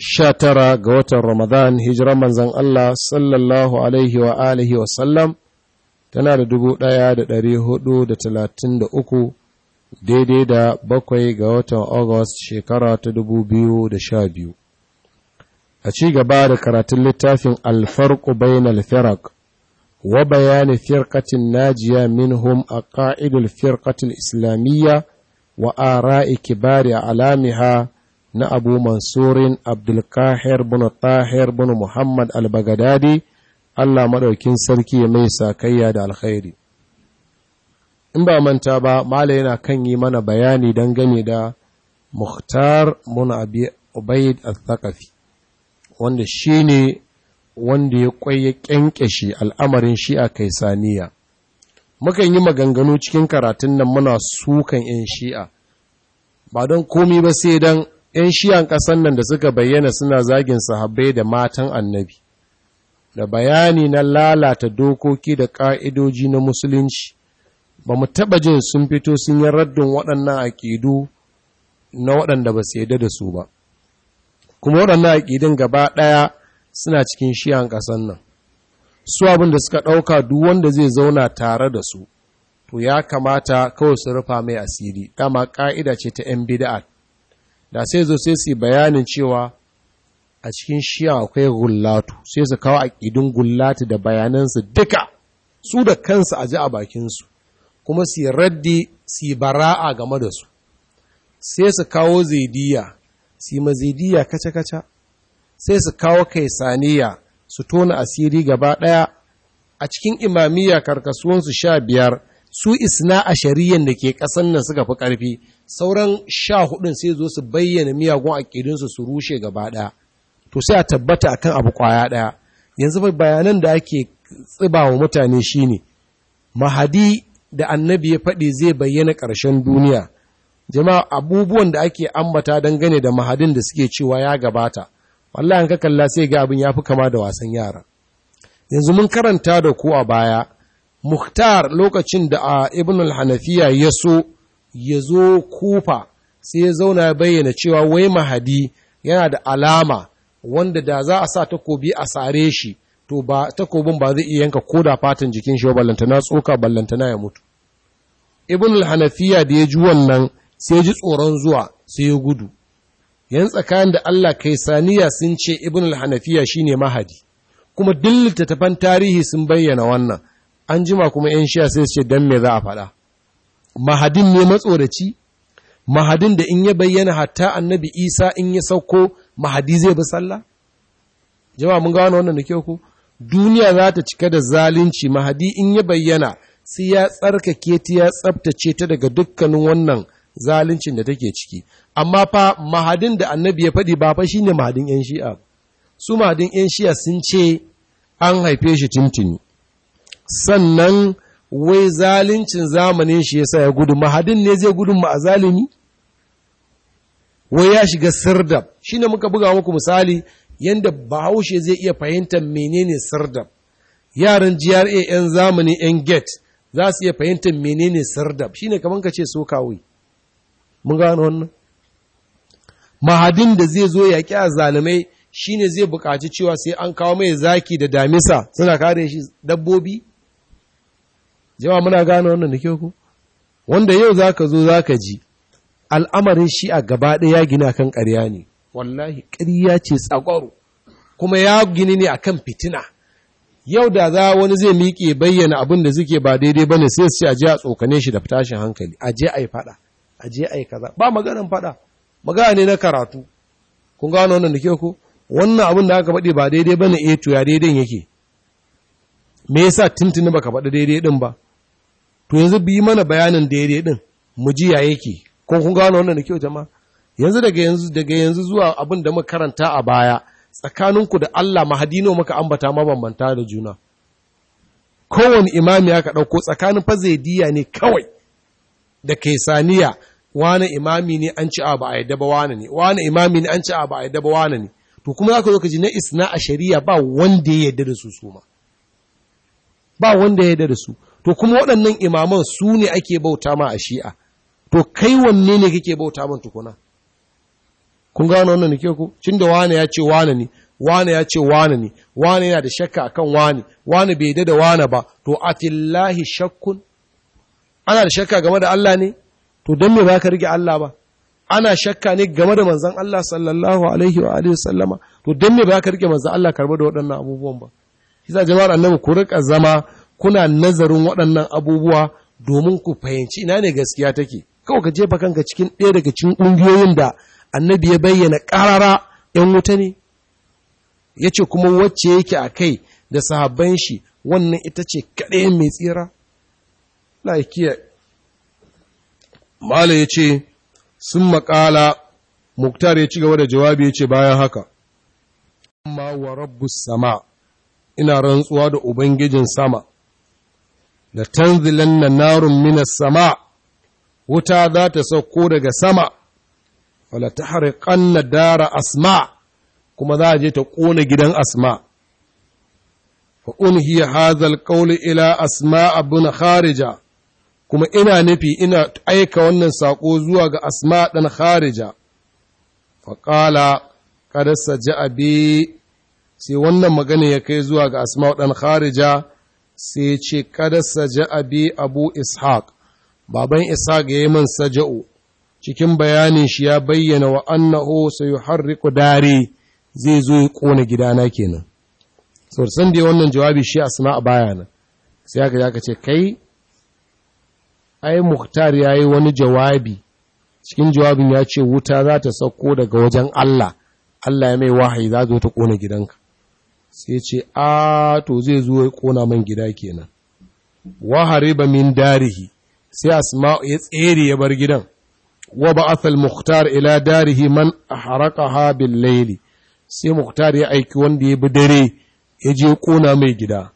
sha tara ga watan Ramadan hijiran manzan Allah sallallahu Alaihi wa alihi sallam tana da dubu ɗaya da ɗari hudu da talatin da uku daidai da bakwai ga watan August shekara ta dubu biyu da sha biyu. A ci gaba da karatun littafin alfarku bainal firak wa bayani firkatin najiya minhum a ka'idul firkatin islamiyya wa ara'i kibari alamiha na abu mansurin abdulkahir bin tahir bin muhammad al-bagadadi allah maɗaukin sarki ya mai sakayya da alkhairi in ba manta ba mala yana kan yi mana bayani dangane da muhtar bin abi ubaid al-thaqafi wanda shine wanda ya kwaye al'amarin shi'a kaisaniya mukan yi maganganu cikin karatun nan muna sukan 'yan shi'a ba don komi ba sai dan. ‘yan shiyan ƙasan nan da suka bayyana suna zagin sahabbai da matan annabi, da bayani na lalata dokoki da ƙa'idoji na musulunci, ba mu taɓa jin sun fito sun yi raddin waɗannan aƙidu na waɗanda ba su da su ba. Kuma waɗannan aƙidun gaba ɗaya suna cikin shiyan ƙasan nan. Su abin da suka ɗauka duk wanda zai zauna tare da su, to ya kamata kawai su rufa mai asiri, dama ƙa'ida ce ta ‘yan bida'a da sai zo sai su bayanin cewa a cikin shiya akwai gullatu sai su kawo aƙidun gullatu da bayanansu duka su da kansu a ji a bakinsu kuma su raddi su bara'a game da su sai su kawo zaidiya su ma zaidiya kaca-kaca sai su kawo kai Saniya su tona asiri gaba ɗaya a cikin imamiyya karkasuwansu sha biyar su isna a shari'ar da ke ƙasan nan suka fi ƙarfi sauran sha hudun sai zo su bayyana miyagun aƙidinsu su rushe gaba ɗaya to sai a tabbata akan abu kwaya ɗaya yanzu bayanan da ake tsiba wa mutane shine mahadi da annabi ya faɗi zai bayyana ƙarshen duniya jama'a abubuwan da ake ambata dangane da mahadin da suke cewa ya gabata wallahi ka kalla sai ga abin yafi kama da wasan yara yanzu mun karanta da ku a baya muhtar lokacin da a ibn al-hanafiya ya so ya zo kufa sai ya zauna ya bayyana cewa wai mahadi yana da alama wanda da za a sa takobi a sare shi to ba takobin ba zai iya yanka koda fatan jikin shi ba ballantana tsoka ballantana ya mutu ibn al-hanafiya da ya ji wannan sai ya ji tsoron zuwa sai ya gudu yan tsakanin da Allah kai saniya sun ce ibn al-hanafiya shine mahadi kuma duk tafan tarihi sun bayyana wannan an jima kuma yan shiya sai su ce dan me za a faɗa mahadin ne matsoraci mahadin da in ya bayyana hatta annabi isa in ya sauko mahadi zai bi sallah jama mun gano wannan da kyau ku duniya za ta cika da zalunci mahadi in ya bayyana sai ya tsarkake ta ya tsabtace ta daga dukkanin wannan zaluncin da take ciki amma fa mahadin da annabi ya faɗi ba fa shine mahadin yan shi'a su mahadin yan shi'a sun ce an haife shi tuntuni sannan wai zaluncin zamanin shi yasa ya gudu mahadin ne zai gudun ma a zalimi wai ya shiga sirdab shine muka buga muku misali yanda bahaushe zai iya fahimtar menene sirdab yaran GRA 'yan zamani 'yan gate za su iya fahimtar menene sirdab shine kamar ka ce so kawai mun gano wannan mahadin da zai zo yaƙi a zalimai shine zai buƙaci cewa sai an kawo mai zaki da damisa suna kare shi dabbobi jama muna gane wannan da ku wanda yau za ka zo za ka ji al'amarin shi a gaba ɗaya ya gina kan ƙarya ne wallahi ƙarya ce tsagwaro kuma ya gini ne akan fitina yau da za wani zai miƙe bayyana abin da suke ba daidai ba ne sai a je a tsokane shi da tashin hankali a je a yi faɗa a je a yi kaza ba maganin faɗa magana ne na karatu kun gano wannan da ke ku wannan abin da aka faɗi ba daidai ba ne eh to ya daidai yake me yasa tuntuni baka faɗi daidai din ba to yanzu bi mana bayanin daidai din mu ji ya yake ko kun gano wannan da kyau jama'a yanzu daga yanzu daga yanzu zuwa abin da muka karanta a baya tsakaninku da Allah mahadino muka ambata mabambanta da juna kowane imami aka ɗauko tsakanin zaidiya ne kawai da kaisaniya wani imami ne an ci a ba a yadda ba ne wani imami ne an ci a ba a yadda ba ne to kuma zaka zo ka ji na isna a shari'a ba wanda ya yarda da su su ba wanda ya yarda da su to kuma waɗannan imaman su ne ake bauta ma a shi'a to kai wanne ne kake bauta man tukuna kun gano wannan nake ku cin da wane ya ce wane ne wane ya ce wane ne wane yana da shakka akan wane wane bai da wane ba to atillahi shakkun ana da shakka game da Allah ne to don me baka rike Allah ba ana shakka ne game da manzon Allah sallallahu alaihi wa alihi sallama to dan me baka rike manzon Allah karba da waɗannan abubuwan ba kisa jama'ar annabi ku rika zama kuna nazarin waɗannan abubuwa domin ku fahimci ina ne gaskiya take kawai ka jefa kanka cikin ɗaya daga cikin ƙungiyoyin da annabi ya bayyana ƙarara 'yan wuta ne ya ce kuma wacce yake a kai da sahabban shi wannan ita ce kaɗai mai tsira laikiya mala ya ce sun makala muktar ya ci gaba da jawabi ya ce bayan haka amma wa rabbus sama ina rantsuwa da ubangijin sama da tanzilan na narun minas sama, wuta za ta sauko daga sama, wala ta harƙan na dara asma, kuma za a je ta ƙona gidan asma. فأنهي ƙauli ila ila asma abin harija kuma ina nufi ina aika wannan saƙo zuwa ga asma ɗan harija. faƙala ƙarasa ji abi sai wannan magana ya kai zuwa ga asma ɗan harija. sai ce kada saja'a bi abu ishaq baban ishaq ya yi man saja'u cikin bayanin shi ya bayyana wa annahu sayuharriqu dari zai zo ya kona gidana kenan so san dai wannan jawabi shi asma a baya nan sai aka aka ce kai ai muhtar yayi wani jawabi cikin jawabin ya ce wuta za ta sauko daga wajen Allah Allah ya mai wahayi za zo ta kona gidanka sai ce a to zai zo ya kona man gida kenan wa hariba min darihi sai asma'u ya tsere ya bar gidan wa asal muhtar ila darihi man haraqaha bil layli sai muhtar ya aiki wanda ya bi dare ya je kona mai gida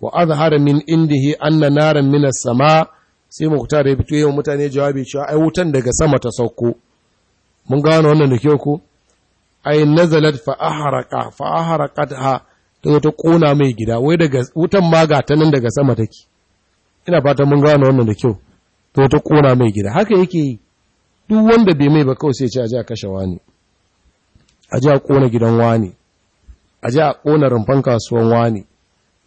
wa azhara min indihi anna naran min sama sai muhtar ya fito yawan mutane jawabi cewa ai wutan daga sama ta sauko mun gano wannan da kyau ko ai nazalat fa ahraqa fa ahraqatha ta zo ta ƙona mai gida wai daga wutan ma ta nan daga sama take ina fatan mun gane wannan da kyau ta zo ta ƙona mai gida haka yake yi duk wanda bai mai ba kawai sai ce a ji a kashe wani a ji a ƙona gidan wani a ji a ƙona rumfan kasuwan wani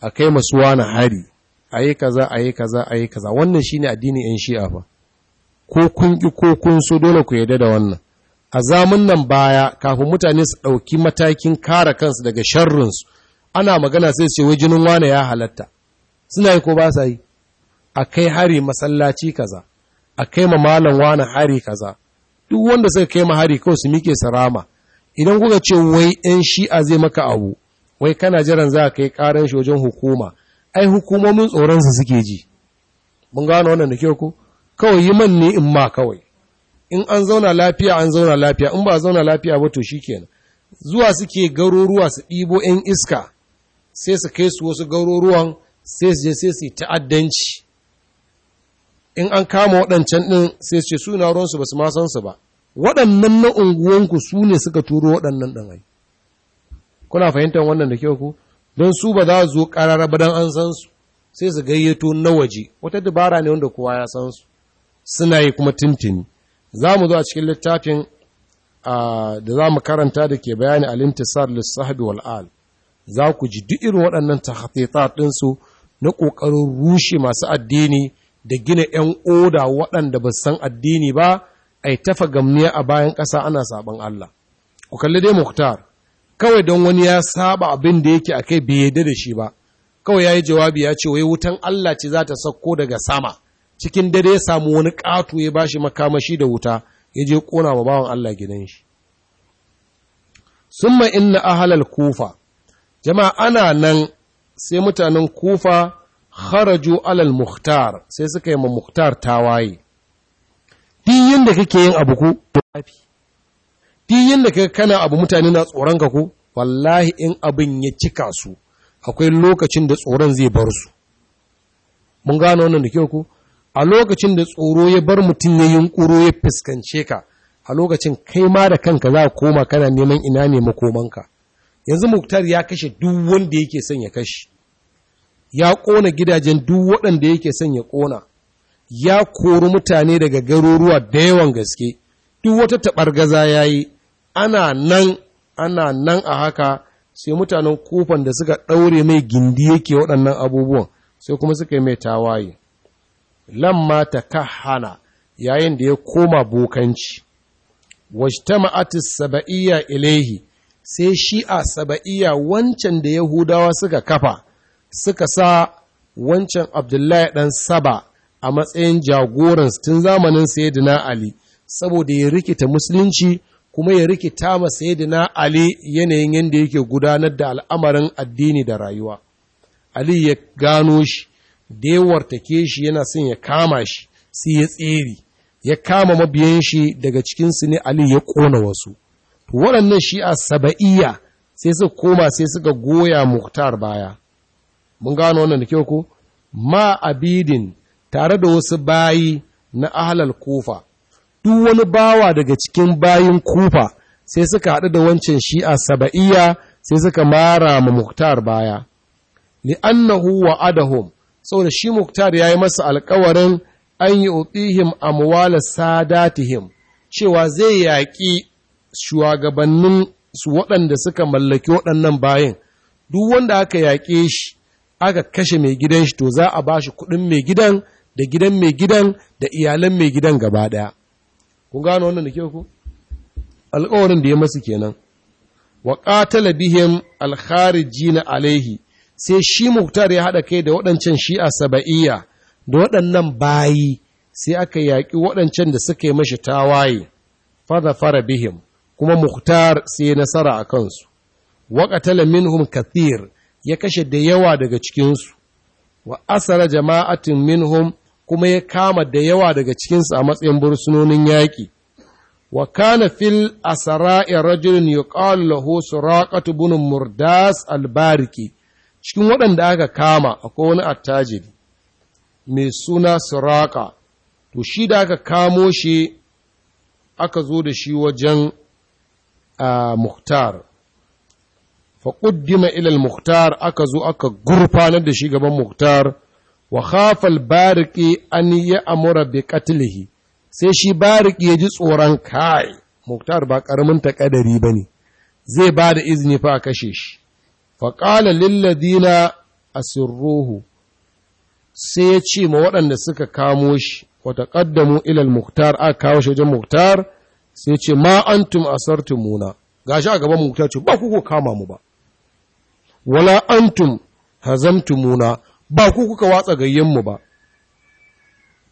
a kai masu wani hari a yi kaza a yi kaza a yi kaza wannan shine addinin yan shi'a fa ko kun ki ko kun so dole ku yarda da wannan a zamun nan baya kafin mutane su ɗauki matakin kare kansu daga sharrinsu ana magana sai ce wai jinin wane ya halatta suna yi ko ba sa yi a kai hari masallaci kaza a kai ma malam wane hari kaza duk wanda suka kai ma hari kawai su mike sarama idan kuka ce wai ɗan shi'a zai maka abu wai kana jiran za kai karan shi wajen hukuma ai hukumomin tsoron su suke ji mun gano wannan da kyau ko kawai yi man ne in ma kawai in an zauna lafiya an zauna lafiya in ba zauna lafiya ba to shikenan zuwa suke garuruwa su ɗibo 'yan iska sai su kai su wasu garuruwan sai su je sai su ta'addanci in an kama waɗancan ɗin sai su ce na ruwansu ba su ma san su ba waɗannan na unguwanku su ne suka turo waɗannan ɗan ai kuna fahimtar wannan da kyau ku don su ba za su zo ƙarara ba don an san su sai su gayyato na waje wata dabara ne wanda kowa ya san su suna yi kuma tintini za mu zo a cikin littafin ah, da za mu karanta da ke bayani alimtisar Wal wal'al za ku ji duk irin waɗannan tahatita ɗinsu na ƙoƙarin rushe masu addini da gina 'yan oda waɗanda ba san addini ba a tafa gamniya a bayan ƙasa ana saɓan Allah. Ku kalli dai Muktar, kawai don wani ya saba abin da yake a kai bai da shi ba, kawai ya yi jawabi ya ce, wai wutan Allah ce za ta sauko daga sama, cikin dare ya samu wani ƙato ya bashi makamashi da wuta, ya je ƙona wa bawan Allah gidan shi. Summa inna ahalal kufa, jama'a ana nan sai mutanen kufa kharaju alal muhtar sai suka yi ma muhtar tawaye diyin da kake yin abu ku diyin da kake kana abu mutane na tsoron ka ku wallahi in abin ya cika su akwai lokacin da tsoron zai bar su mun gano wannan da kyau ku a lokacin da tsoro ya bar mutum ya yunkuro ya fuskance ka a lokacin kai ma da kanka za ka koma kana neman ina ne makomanka yanzu muktar ya kashe duk wanda yake son ya kashe ya ƙona gidajen duk waɗanda yake son ya ƙona ya kori mutane daga garuruwa da yawan gaske duk wata taɓargaza ya yi ana nan ana nan a haka sai mutanen kofan da suka ɗaure mai gindi yake waɗannan abubuwan sai kuma suka yi mai tawaye lamma ta kahana yayin da ya koma bokanci wajtama'atis saba'iyya ilaihi sai shi'a saba'iya wancan da yahudawa suka kafa suka sa wancan abdullahi ɗan saba a matsayin jagoransu tun zamanin sayyidina ali saboda ya rikita musulunci kuma ya rikita ma sayyidina ali yanayin yadda yake gudanar da al'amarin addini da rayuwa ali ya gano shi da ya wartake shi yana son ya kama shi sai ya tsere ya kama mabiyan shi daga cikinsu ne ali ya ƙona wasu waɗannan shi'a saba'iyya sai su koma sai suka goya muktar baya mun gano wannan da kyau ko ma abidin tare da wasu bayi na ahlal kufa duk wani bawa daga cikin bayin kufa sai suka haɗu da wancan shi'a saba'iyya sai suka mara ma muktar baya li'annahu wa'adahum saboda shi muktar yayi masa alƙawarin an yi a amwala sadatihim cewa zai yaƙi shugabannin su waɗanda suka mallaki waɗannan bayan duk wanda aka yaƙe shi aka kashe mai gidan shi to za a ba shi kuɗin mai gidan da gidan mai gidan da iyalan mai gidan gaba ɗaya kun gano wannan da ke ku alƙawarin da ya masu kenan wa qatala bihim na alaihi sai shi muktar ya haɗa kai da waɗancan shi'a saba'iyya da waɗannan bayi sai aka yaƙi waɗancan da suka yi mashi tawaye fara fara bihim kuma Mukhtar sai nasara a kansu, waƙatala minhum kathir ya kashe da yawa daga cikinsu, wa asara jama'atin minhum kuma ya kama da yawa daga cikinsu a matsayin bursunonin yaƙi. Wa kana fil asara'i rajulun yuqalu lahu suraqatu bin murdas albariki cikin waɗanda aka kama akwai wani attajiri mai suna suraka to shi da aka kamo shi aka zo da shi wajen Muktar. faƙuddima ilal Muktar aka zo aka gurfanar da shi gaban Muktar, wa khafal bariki an yi amura bi katilihi, sai shi bariki ya ji tsoron kai, Muktar ba ƙaramin taƙadari ba ne, zai ba da izini fa a kashe shi. Faƙala lilladina asirruhu sai ya ce ma waɗanda suka kamo shi, Wataƙaddamu ilal Muktar aka kawo shi wajen Muktar, sai ce ma antum asartumuna gashi a gaban mu ta ce ba ku ku kama mu ba wala antum hazamtumuna ba ku kuka watsa gayyen mu ba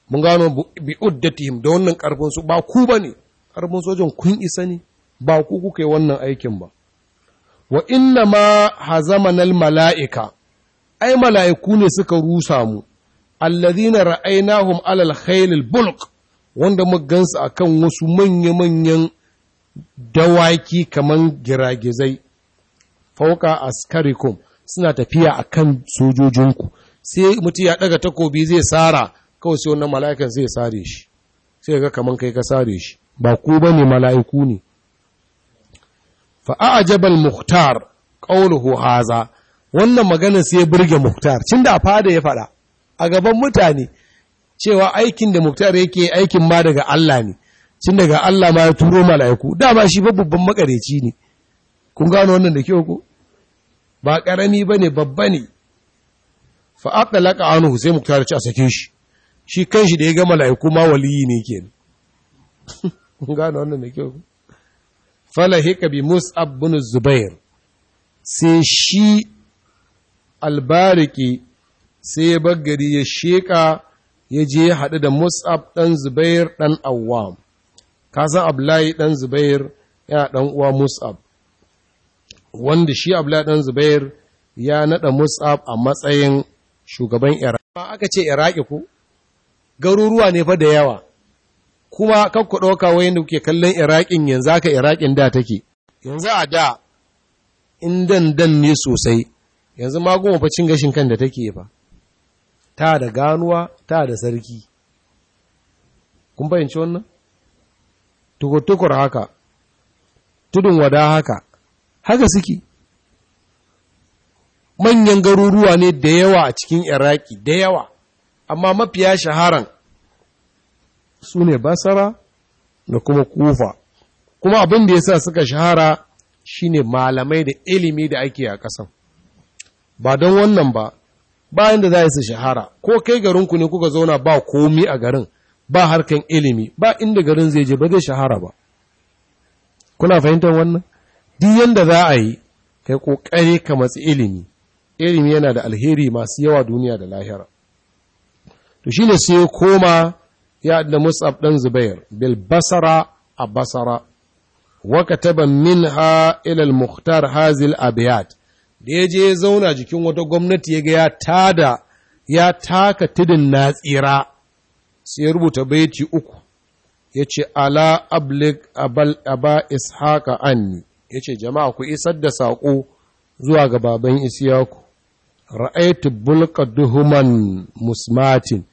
mun gano bi uddatihim da wannan karfin su ba ku bane karfin sojan kun isa ne ba ku kuka yi wannan aikin ba wa inna ma hazamanal mala'ika ai mala'iku ne suka rusa mu alladhina ra'aynahum alal khaylil bulq wanda magansu a kan wasu manya-manyan dawaki kamar giragizai fauka askarikum suna tafiya a kan sojojinku sai mutu ya ɗaga takobi zai sara kawai sai wannan mala'ikan zai sare shi sai ga kamar kai ka sare shi ba ku ba ne mala'iku ne fa'a'ajabal muhtar ƙaunuhu haza wannan magana sai ya burge muhtar cin da fada ya faɗa a gaban mutane cewa aikin da muktar yake aikin ma daga Allah ne cin daga Allah ma ya turo mala'iku dama shi babban makareci ne kun gano wannan da kyau ko ba karami bane babba ne fa aqlaqa anhu sai muktar ci a sakin shi shi kanshi da ya ga mala'iku ma waliyi ne kenan kun gano wannan da kyau falahika bi mus'ab bin zubair sai shi albariki sai ya baggari ya sheka ya je ya haɗu da mus'ab ɗan zubair ɗan awwam san ablayi ɗan zubair yana ɗan uwa mus'ab wanda shi ablayi ɗan zubair ya naɗa mus'ab a matsayin shugaban iraki aka ce iraki ku garuruwa ne fa da yawa kuma kakku ɗauka wayan da kuke kallon irakin yanzu aka irakin da take yanzu a da in dandan ne sosai yanzu ma goma cin gashin kan da take fa ta da ganuwa ta da sarki kun fahimci wannan tukur-tukur haka tudun wada haka haka suke manyan garuruwa ne da yawa a cikin iraki da yawa amma mafiya shaharan su ne basara da kuma kufa kuma abin da ya sa suka shahara shine malamai da ilimi da ake a ƙasan ba don wannan ba bayan da za su shahara ko kai garinku ne kuka zauna ba komi a garin ba harkan ilimi ba inda garin zai je ba zai shahara ba kuna fahimtar wannan duk yanda za a yi kai kokari ka matsi ilimi ilimi yana da alheri masu yawa duniya da lahira to shine sai koma ya da Mus'ab dan Zubair bil basara a basara wa kataba minha ila al-mukhtar hazil abiyat da ya je ya zauna jikin wata gwamnati ya ga ya tada ya taka tudun na tsira sai ya rubuta baiti uku ya ce ala ablig aba an anni ya ce jama'a ku isar da saƙo zuwa ga baban isiyaku ra'aitu bulka duhuman musmatin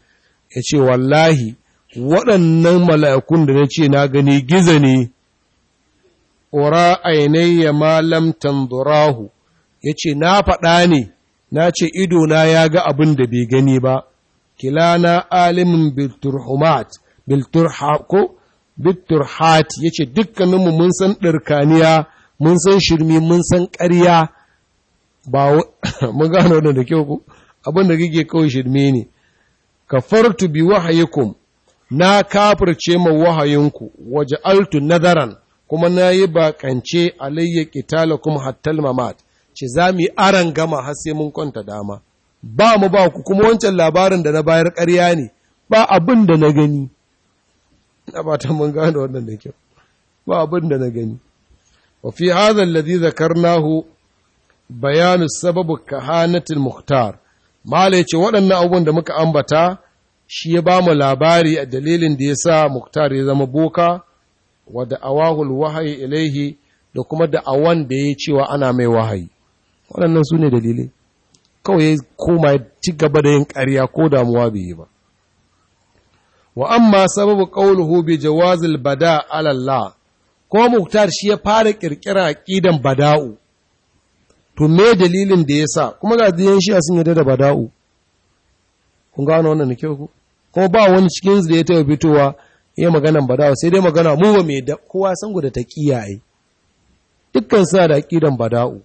ya ce wallahi waɗannan mala'ikun da na ce na gani gizo ne ƙura ya malam tanzurahu ya ce na faɗa ne na ce na ya ga abin da bai gani ba kilana alimin bilturhumat bilturhako bilturhat ya ce dukkaninmu mun san ɗarkaniya mun san shirmi mun san ƙarya ba mun gano da da kyau ku abin da kake kawai shirme ne Ka fartu bi wahayikum na kafirce ma wahayinku waje altu nazaran kuma na yi bakance alayya kitalakum hattal mamat ce za mu yi aran gama har sai mun kwanta dama ba mu ba ku kuma wancan labarin da na bayar ƙarya ne ba abin da na gani na ba mun gano wannan da kyau ba abin da na gani wa fi hadha alladhi zakarnahu bayanu sababu kahanatil muhtar mala yace waɗannan abubuwan da muka ambata shi ya ba mu labari a dalilin da ya sa muhtar ya zama boka wa da awahul wahayi ilaihi da kuma da awan da ya cewa ana mai wahayi waɗannan su ne dalilai kawai ya koma ci gaba da yin ƙarya ko damuwa bai yi ba wa amma sababu qawluhu bi jawazil bada alalla ko muktar shi ya fara a aqidan bada'u to me dalilin da yasa kuma ga diyan shi sun yarda da bada'u kun gano wannan ne ku kuma ba wani cikin da ya taba fitowa ya magana bada'u sai dai magana mu ba mai kowa san guda ta kiyaye dukkan sa da aqidan bada'u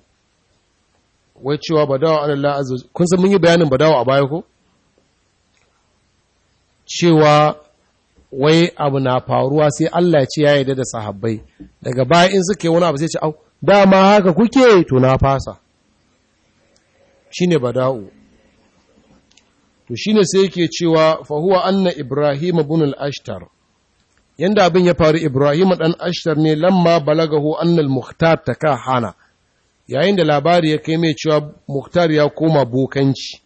wai cewa a Allah azza kun san mun yi bayanin dawa a baya ko cewa wai abu na faruwa sai Allah ce ya yarda da sahabbai daga baya in suke wani abu sai ce au dama haka kuke to na fasa shine bada'u to shine sai yake cewa fa huwa anna ibrahim ibn al-ashtar yanda abin ya faru ibrahim ɗan ashtar ne lamma balagahu anna ta ka hana. yayin da labari ya kai mai cewa muktar ya koma bokanci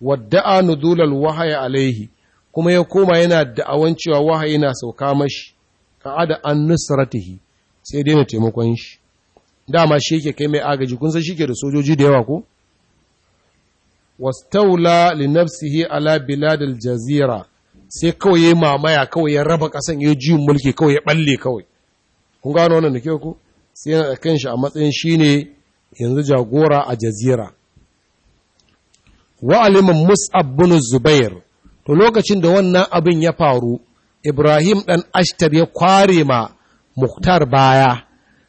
wadda'a nuzulal wahaya alaihi kuma ya koma yana da'awan cewa wahayi na sauka mashi ka'ada an nusratihi sai dai na taimakon shi dama shi yake kai mai agaji kun san shi ke da sojoji da yawa ko wastaula li nafsihi ala biladil jazira sai kawai ya mamaya kawai ya raba kasan ya ji mulki kawai ya balle kawai kun gano wannan da kyau ko sai yana kan shi a matsayin shine yanzu jagora a jazira wa mus'ab bin zubair to lokacin da wannan abin ya faru ibrahim ɗan ashtar ya kware ma muktar baya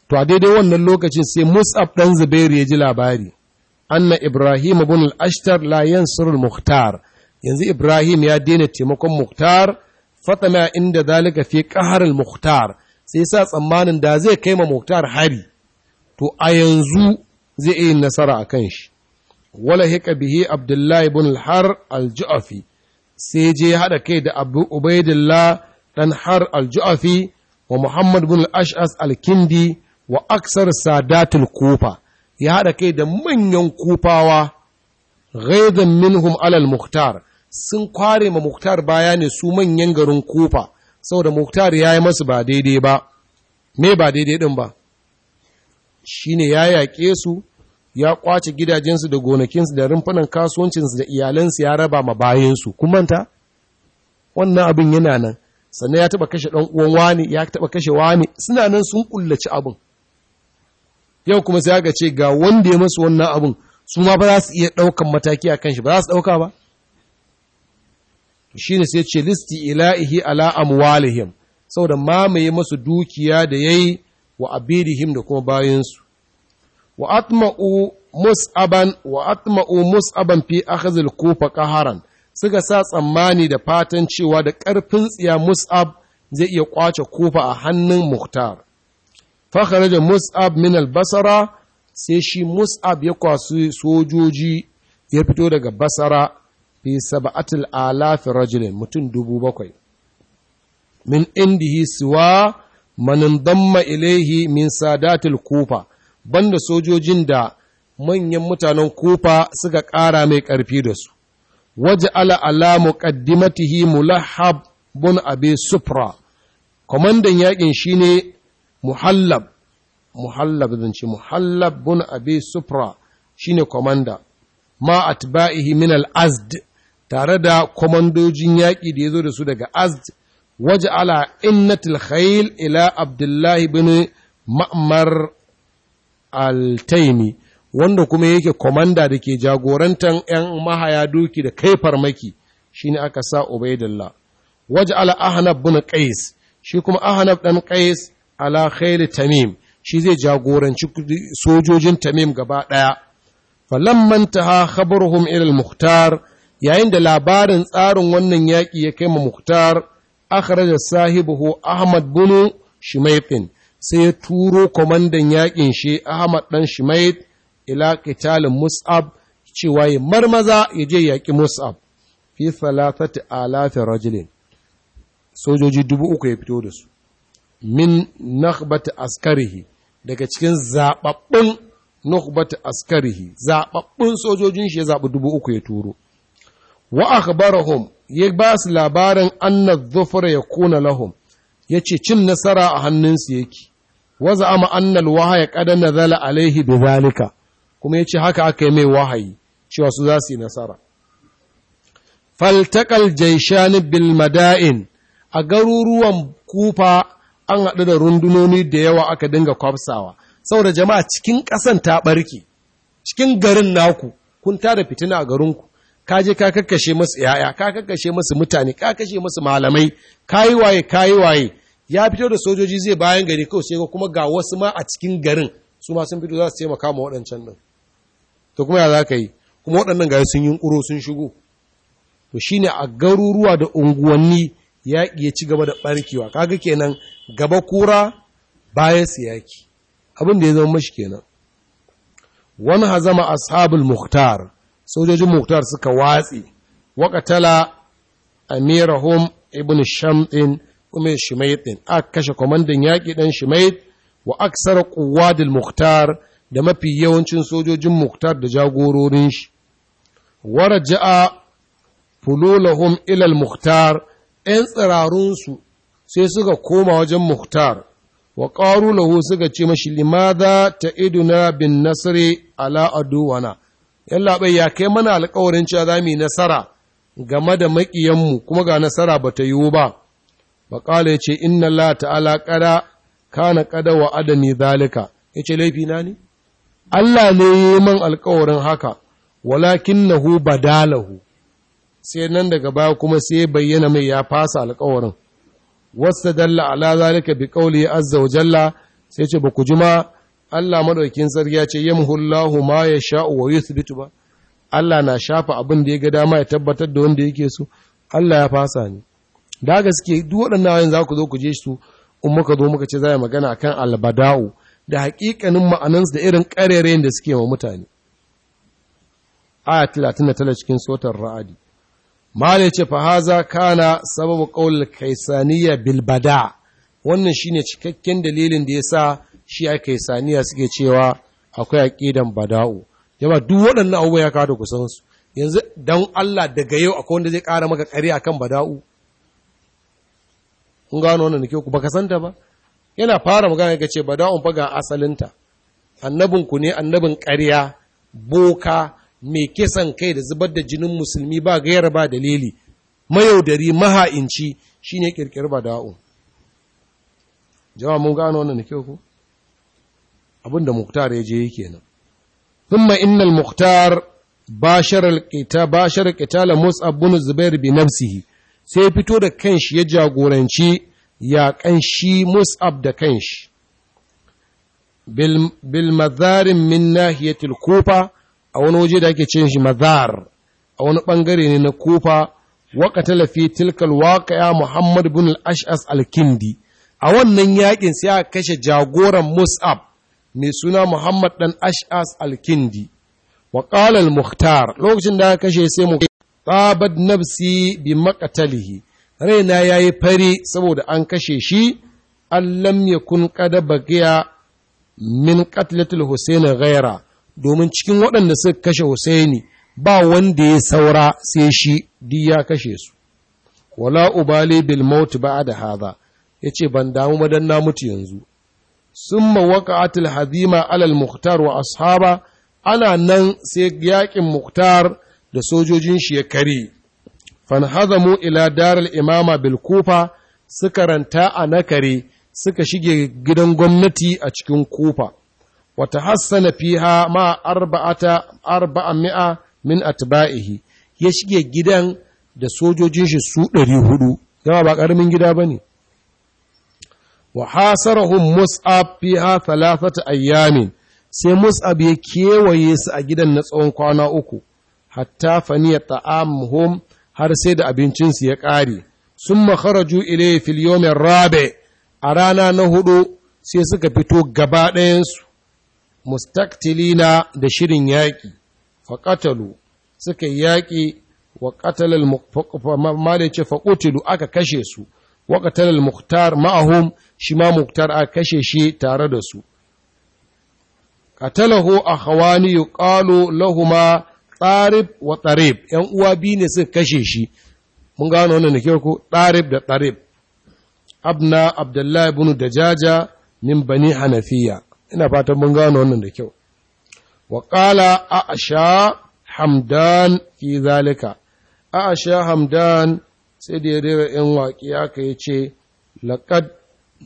to a daidai wannan lokacin sai mus'ab ɗan zubair ya ji labari anna ibrahim bin ashtar la yansuru muhtar yanzu ibrahim ya daina taimakon muktar fatama inda zalika fi qahar al sai sa tsammanin da zai kai ma muktar hari to a yanzu zai iya nasara a kan shi wala hika bihi abdullahi ibn har al-ju'afi sai je haɗa kai da abu ubaidillah dan har al-ju'afi wa muhammad ibn al-ash'as al-kindi wa aksar sadatul kufa ya haɗa kai da manyan kufawa ghaidan minhum alal muhtar sun kware ma muhtar baya ne su manyan garin kufa saboda muhtar ya yi masu ba daidai ba me ba daidai din ba shine ya yaƙe su ya kwace gidajensu da gonakinsu da rumfunan kasuwancinsu da iyalansu ya raba ma bayansu kun manta wannan abin yana nan sannan ya taba kashe dan uwan wani ya taba kashe wani suna nan sun kullaci abin yau kuma sai ga ce ga wanda ya masu wannan abin su ma ba za su iya daukan mataki a kanshi shi ba za su dauka ba shine sai ce listi ilahi ala amwalihim saboda mamaye masu dukiya da yayi wa abidihim da kuma bayansu wa atma'u mus'aban wa atma'u mus'aban fi akhzil suka sa tsammani da fatan cewa da ƙarfin tsiya mus'ab zai iya kwace kofa a hannun muhtar da mus'ab min albasara sai shi mus'ab ya kwasu sojoji ya fito daga basara fi sab'atil alafi rajulin mutum dubu bakwai min indihi siwa manin damma ilaihi min sadatil kufa banda sojojin da manyan mutanen kufa suka ƙara mai ƙarfi da su waje ala alamu muqaddimatihi mulahab bun abi sufra kwamandan yakin shine muhallab muhallab zan ce muhallab bun abi sufra shine kwamanda ma atba'ihi min al-azd tare da kwamandojin yaƙi da ya zo da su daga azd waje ala innatil khayl ila abdullahi bin ma'mar al wanda kuma yake komanda da ke jagorantar 'yan mahaya duki da kai farmaki shi ne aka sa ubaidillah waje ala ahanab bin qais shi kuma ahanab dan qais ala khayl tamim shi zai jagoranci sojojin tamim gaba ɗaya falamman taha khabaruhum ila al mukhtar yayin da labarin tsarin wannan yaki ya kai ma mukhtar akhraja sahibuhu ahmad bin shimaytin sai ya turo kwamandan yaƙin shi Ahmad ɗan Shimaid ila qitalin Mus'ab cewa ya marmaza ya je yaƙi Mus'ab fi a alafi rajulin sojoji dubu uku ya fito da su min nakhbati askarihi daga cikin zababbun nakhbati askarihi zababbun sojojin shi ya zaɓi dubu uku ya turo wa akhbarahum ya ba su labarin anna dhufra yakuna lahum ya ce cin nasara a hannunsu yake waza ama annal wahaya kada nazala alaihi bi zalika kuma ya ce haka aka yi mai wahayi cewa su za su yi nasara faltakal jaishani bil mada'in a garuruwan kufa an haɗu da rundunoni da yawa aka dinga kwafsawa saboda jama'a cikin ƙasan ta ɓarke cikin garin naku kun tada fitina a garinku ka je ka kakkashe masu yaya ka kakkashe masu mutane ka kashe masu malamai kayi waye kayi waye ya fito da sojoji zai bayan gari kawai sai kuma ga wasu ma a cikin garin su ma sun fito za su taimaka ma waɗancan nan to kuma ya za ka yi kuma waɗannan gari sun yi ƙuro sun shigo to shine a garuruwa da unguwanni yaƙi ya ci gaba da ɓarkewa kaga kenan gaba kura baya su abin da ya zama mashi kenan wani hazama ashabul muhtar sojojin muktar suka watsi waƙatala amirahum ibn shamdin kuma ɗin, aka kashe kwamandan yaƙi ɗan shimait wa aksar ƙuwadil muktar da mafi yawancin sojojin muktar da jagororin shi waraja'a fululahum ilal muktar 'yan tsirarunsu sai suka koma wajen muktar wa ƙaru lahu suka ce mashi limada ta iduna bin nasiri ala aduwana yallaɓai ya kai mana alkawarin cewa za mu yi nasara game da maƙiyanmu kuma ga nasara ba ta yiwu ba baƙala ya ce inna Allah ta'ala ƙada kana ƙada wa adani zalika ya ce laifi na ne Allah ne ya yi man alkawarin haka walakin nahu badalahu sai nan daga baya kuma sai bayyana mai ya fasa alkawarin wasta dalla ala zalika bi ƙauli azza wa jalla sai ce ba ku jima Allah madaukin sarki ya ce yamhullahu ma sha'u wa yuthbitu ba Allah na shafa abin da ya ga dama ya tabbatar da wanda yake so Allah ya fasa ni da gaske duk waɗannan wayan za ku zo ku je su in muka zo muka ce za magana akan albada'u da hakikanin ma'anansu da irin ƙarerayen da suke wa mutane aya 39 cikin sotar ra'adi mala ce fa haza kana sababu qaul kaisaniya bil bada wannan shine cikakken dalilin da yasa shi aka saniya suke cewa akwai aƙidan bada'u Yaba duk waɗannan abubuwa ya kawo da kusan yanzu don Allah daga yau akwai wanda zai ƙara maka ƙari akan bada'u kun gano wannan nake ku baka santa ba yana fara magana ga ce bada'un fa ga asalinta annabin ku ne annabin ƙarya boka mai kisan kai da zubar da jinin musulmi ba gayar ba dalili mayaudari maha'inci shine kirkir bada'u Jama mun gano wannan nake ku abinda muktar ya je kenan thumma innal muktar bashar qita bashar qitala mus'ab bin zubair bi nafsihi sai fito da kanshi ya jagoranci ya kanshi mus'ab da kanshi bil mazarin min nahiyatil kufa a wani waje da ake cin shi mazar a wani bangare ne na kufa waƙatala fi tilkal waƙaya Muhammad bin al-Ash'as al-Kindi a wannan yakin sai aka kashe jagoran Mus'ab mai suna Muhammad ɗan Ash'as al-Kindi, wa ƙalal Mukhtar, lokacin da aka kashe sai mu tsabad nafsi bi makatalihi, raina ya yi fari saboda an kashe shi, allam ya kun kada bagiya min katlatul Husaini gaira, domin cikin waɗanda suka kashe Husaini ba wanda ya saura sai shi duk ya kashe su. Wala ubali bil da haza. Ya yace ban damu madan na mutu yanzu summa waqa'atul hazima alal muktar wa ashaba ana nan sai yaƙin muktar da sojojin shi ya kare fanhazamu ila daral imama bil kufa suka ranta a nakare suka shige gidan gwamnati a cikin kufa wata hassana fiha ma arba'ata arba'a mi'a min atba'ihi ya shige gidan da sojojin shi su ɗari hudu Yawa ba ƙaramin gida ba ne wa hasarahum mus'ab fiha thalathata ayyamin sai mus'ab ya kewaye su a gidan na tsawon kwana uku hatta faniya ta'amuhum har sai da abincinsu ya ƙare sun makaraju ilai fil yomin rabe a rana na hudu sai suka fito gaba ɗayansu mustaktilina da shirin yaƙi faƙatalu suka yaƙi wa ƙatalar ce faƙutilu aka kashe su wa muktar ma'ahum shi ma muktar a kashe shi tare da su katalahu akhawani yuqalu lahuma tsarib wa tsarib ‘yan uwa biyu ne suka kashe shi, mun gano wannan da kyau tsarib da tsarib, abna Abdullahi bin Dajaja min bani Hanafiya, ina fatan mun gano wannan da kyau. Wa ƙala A'asha Hamdan fi zalika, A'asha Hamdan sai da ya rera ‘yan waƙi aka yi ce, Laƙad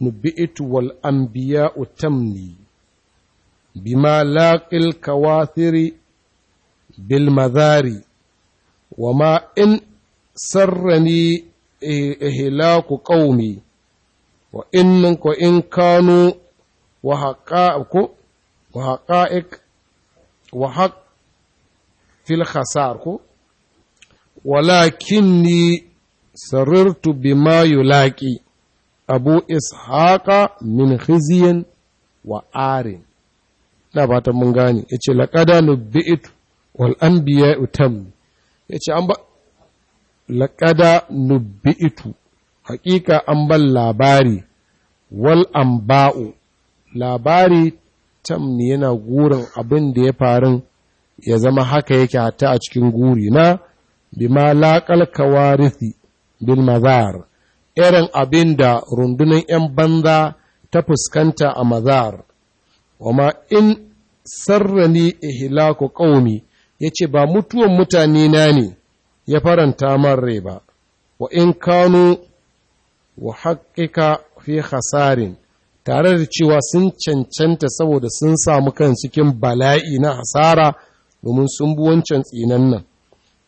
نبئت والأنبياء تمني بما لاقي الكواثر بالمذار وما إن سرني إهلاك قومي وإن وإن كانوا وحقائق وحقائق وحق في الخسار ولكني سررت بما يلاقي abu ishaqa min khiziyin wa arin da ba ta mun gane ya ce laƙada bi'it wal biya utam ya ce an ba laƙada nubbi'itu hakika an ban labari wal amba'u labari tam ne yana gurin abin da ya faru ya zama haka yake hata a cikin guri na bima laƙal kawarithi bil mazar irin abin da rundunar 'yan banza ta fuskanta a mazar, wama in sarrani ihlaku ƙaumi ya ce ba mutuwan mutane na ne ya faranta marre ba, wa in kanu wa haƙiƙa fi hasarin tare da cewa sun cancanta saboda sun samu kan cikin bala'i na hasara domin sun bi wancan tsinan nan,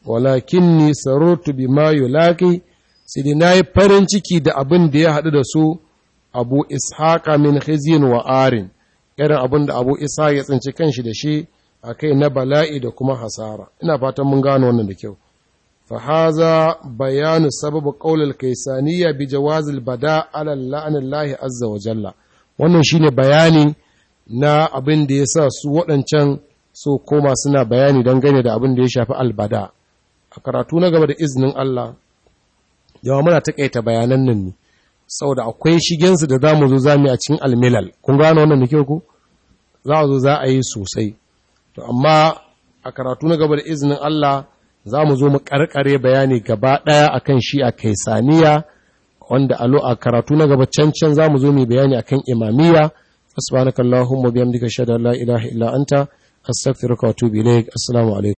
walakin ni sarotu bi ma yulaƙi sai na yi farin ciki da abin da ya haɗu da su abu ishaqa min khizyin wa arin irin abin da abu isa ya tsinci kanshi da shi a kai na bala'i da kuma hasara ina fatan mun gano wannan da kyau fa haza bayanu sababu Kai kaisaniya bi jawazil bada ala azza wa jalla wannan shine bayani na abin da yasa su waɗancan so koma suna bayani dangane da abin da ya shafi albada a karatu na gaba da izinin Allah yawa muna takaita bayanan nan ne saboda akwai shigensu da za mu zo zamu a cikin almilal kun gano wannan da kyau ku za a zo za a yi sosai to amma a karatu na gaba da izinin Allah za mu zo mu karkare bayani gaba daya akan shi a kaisaniya wanda alo a karatu na gaba cancan can za mu zo mu bayani akan imamiyya subhanakallahumma bihamdika shada la ilaha illa anta astaghfiruka wa atubu ilaik assalamu alaikum